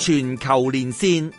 全球連線，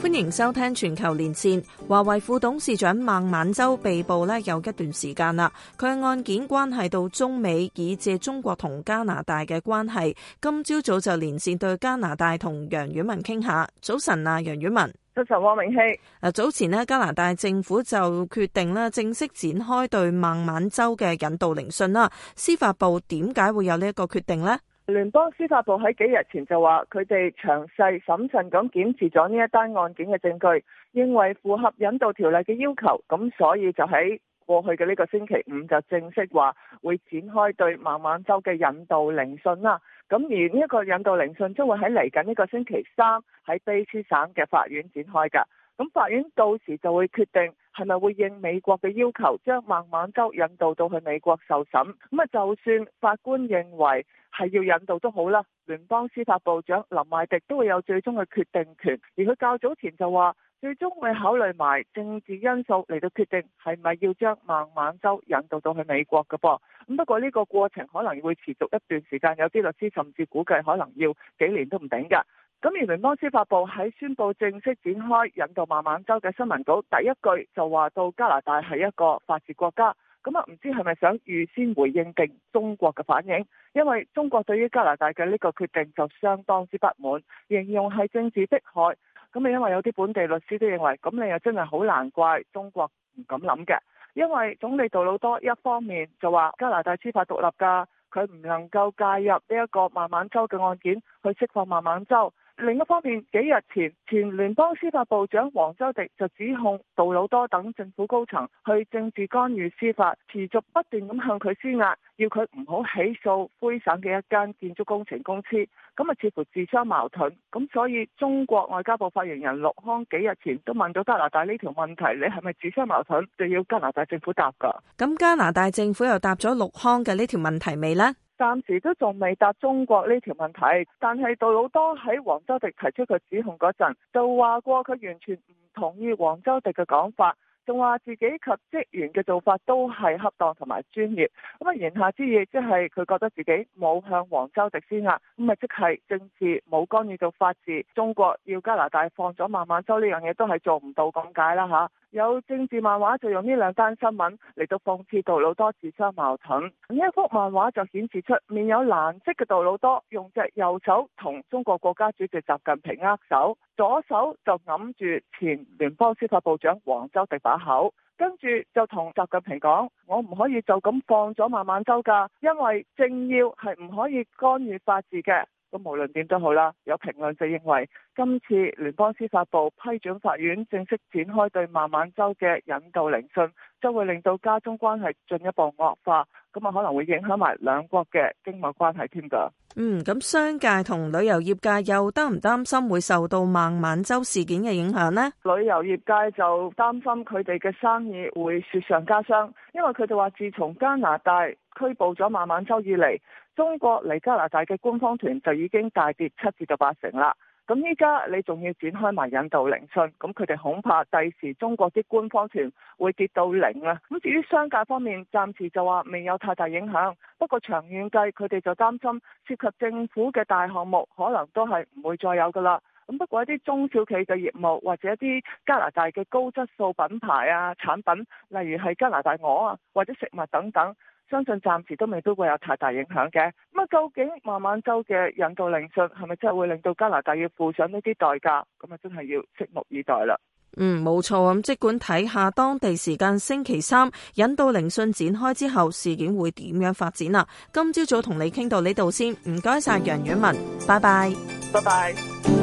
歡迎收聽全球連線。華為副董事長孟晚舟被捕咧，有一段時間啦，佢嘅案件關係到中美以至中國同加拿大嘅關係。今朝早就連線對加拿大同楊婉文傾下。早晨啊，楊婉文。早晨，汪溟曦。早前呢，加拿大政府就決定咧正式展開對孟晚舟嘅引渡聆訊啦。司法部點解會有呢一個決定呢？聯邦司法部喺幾日前就話，佢哋詳細審慎咁檢視咗呢一單案件嘅證據，認為符合引渡條例嘅要求，咁所以就喺過去嘅呢個星期五就正式話會展開對孟晚舟嘅引渡聆訊啦。咁而呢一個引渡聆訊將會喺嚟緊呢個星期三喺卑詩省嘅法院展開噶。咁法院到時就會決定。係咪會應美國嘅要求，將孟晚舟引渡到去美國受審？咁啊，就算法官認為係要引渡都好啦，聯邦司法部長林艾迪都會有最終嘅決定權。而佢較早前就話，最終會考慮埋政治因素嚟到決定係咪要將孟晚舟引渡到去美國㗎噃。咁不過呢個過程可能會持續一段時間，有啲律師甚至估計可能要幾年都唔定㗎。咁而聯邦司法部喺宣布正式展開引渡孟晚舟嘅新聞稿，第一句就話到加拿大係一個法治國家。咁啊，唔知係咪想預先回應定中國嘅反應？因為中國對於加拿大嘅呢個決定就相當之不滿，形容係政治迫害。咁啊，因為有啲本地律師都認為，咁你又真係好難怪中國唔敢諗嘅，因為總理杜魯多一方面就話加拿大司法獨立㗎，佢唔能夠介入呢一個孟晚舟嘅案件去釋放孟晚舟。另一方面，幾日前，前聯邦司法部長黃州迪就指控杜魯多等政府高層去政治干預司法，持續不斷咁向佢施壓，要佢唔好起訴魁省嘅一間建築工程公司。咁啊，似乎自相矛盾。咁所以，中國外交部發言人陸康幾日前都問到加拿大呢條問題：你係咪自相矛盾？就要加拿大政府答㗎。咁加拿大政府又答咗陸康嘅呢條問題未呢？暫時都仲未答中國呢條問題，但係杜魯多喺黃州迪提出佢指控嗰陣，就話過佢完全唔同意黃州迪嘅講法，仲話自己及職員嘅做法都係恰當同埋專業。咁啊言下之意，即係佢覺得自己冇向黃州迪施壓，咁啊即係政治冇干預到法治。中國要加拿大放咗孟晚舟呢樣嘢都係做唔到咁解啦吓。有政治漫畫就用呢兩單新聞嚟到諷刺杜魯多自相矛盾。呢一幅漫畫就顯示出面有藍色嘅杜魯多，用隻右手同中國國家主席習近平握手，左手就揞住前聯邦司法部長黃州迪把口，跟住就同習近平講：我唔可以就咁放咗孟晚舟㗎，因為政要係唔可以干預法治嘅。咁無論點都好啦，有評論就認為今次聯邦司法部批准法院正式展開對孟晚舟嘅引渡聆訊，將會令到加中關係進一步惡化，咁啊可能會影響埋兩國嘅經貿關係添噶。嗯，咁商界同旅遊業界又擔唔擔心會受到孟晚舟事件嘅影響呢？旅遊業界就擔心佢哋嘅生意會雪上加霜。因為佢哋話，自從加拿大拘捕咗孟晚舟以嚟，中國嚟加拿大嘅官方團就已經大跌七至到八成啦。咁依家你仲要展開埋引渡聆訊，咁佢哋恐怕第時中國啲官方團會跌到零啦。咁至於商界方面，暫時就話未有太大影響，不過長遠計，佢哋就擔心涉及政府嘅大項目，可能都係唔會再有噶啦。咁不過一啲中小企嘅業務，或者一啲加拿大嘅高質素品牌啊，產品，例如係加拿大鵝啊，或者食物等等，相信暫時都未都會有太大影響嘅。咁啊，究竟孟晚舟嘅引渡聆訊係咪真係會令到加拿大要付上呢啲代價？咁啊，真係要拭目以待啦。嗯，冇錯。咁即管睇下當地時間星期三引渡聆訊展開之後，事件會點樣發展啦，啊。今朝早同你傾到呢度先，唔該晒楊婉文，拜拜，拜拜。